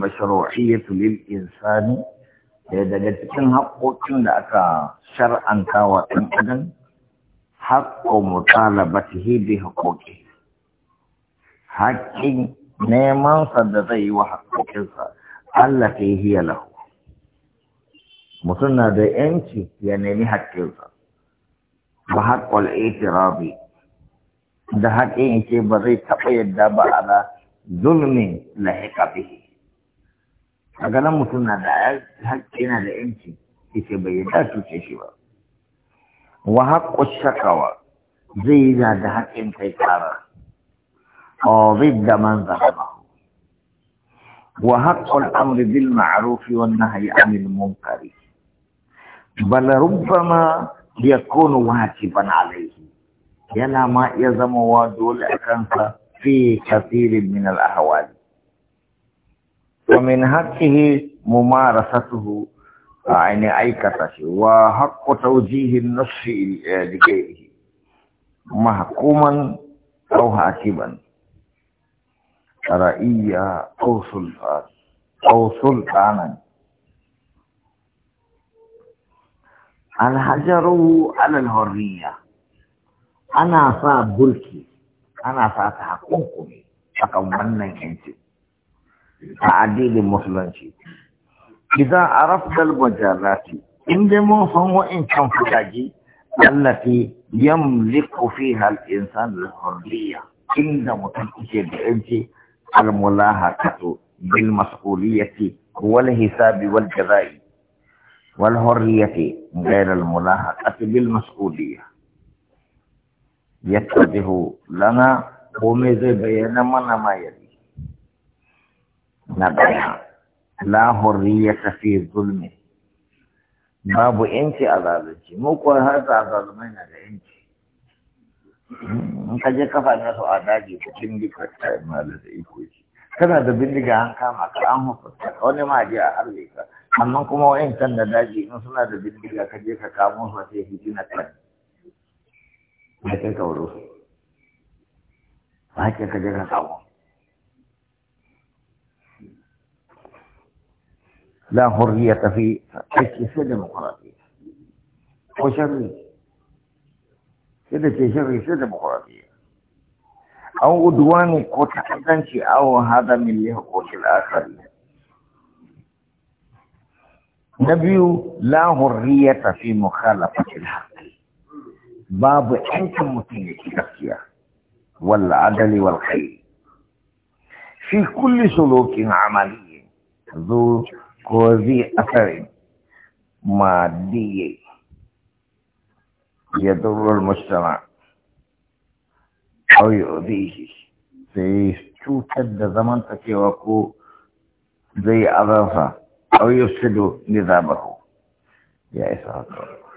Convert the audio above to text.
المشروعية للإنسان daga cikin haƙoƙin da aka shar'anta wa ɗan adam haƙƙo mutalabatihi bi haƙoƙi haƙƙin neman sa da zai yi wa haƙoƙinsa Allah ta yi lahu mutum na da yanci ya nemi haƙƙinsa ba haƙƙol itirabi da haƙƙin yake ba zai taɓa yadda ba ala zulmin lahika bihi a ganin mutum na da haƙƙi na da yanci yake bai yi da cuce shi ba wa haƙƙo shakawa zai yi da haƙƙin kai ƙara a zai da man zahama وحق الأمر بالمعروف والنهي عن المنكر بل ربما يكون واجبا عليه يلا ما يزم ودول أكنس في كثير من الأحوال ومن حقه ممارسته عين أي كتاش وحق توجيه النص لغيره محكوما أو حاكما رأيا أو سلطان أو سلطانا الحجر على الحرية أنا صاحب بلكي أنا صاحب حكمكم أكون من انت تعديل مثلنشي إذا عرفت المجالات عندما هو وإن كان فجاجي التي يملك فيها الإنسان الحرية عندما تنتهي بإنتي الملاحقة بالمسؤولية والحساب والجزاء والحرية غير الملاحقة بالمسؤولية يتجه لنا ومزي بين من ما يد na ɗaya la hurriyata fi zulmi babu yanci a zalunci mu ko har da zalumai na da yanci in ka je kafa na su a daji ka bindiga ta mala da ikoki kana da bindiga an kama ka an hukunta ka wani ma je a harbe ka amma kuma wayan kan da daji in suna da bindiga ka je ka kamo su a sai hijina kan ba kai kauro ba ka je ka kamo لا حرية في حيث في ديمقراطية وشري كده في شري في ديمقراطية أو عدوان وتعدنش أو هذا من لحقوق الآخرين نبي لا حرية في مخالفة الحق باب أنت متنك كثير والعدل والخير في كل سلوك عملي ذو ko zai asari diye ya durrul mustama au yu'dihi sai cutar da cewa ko zai azansa au zaba ku ya isa haka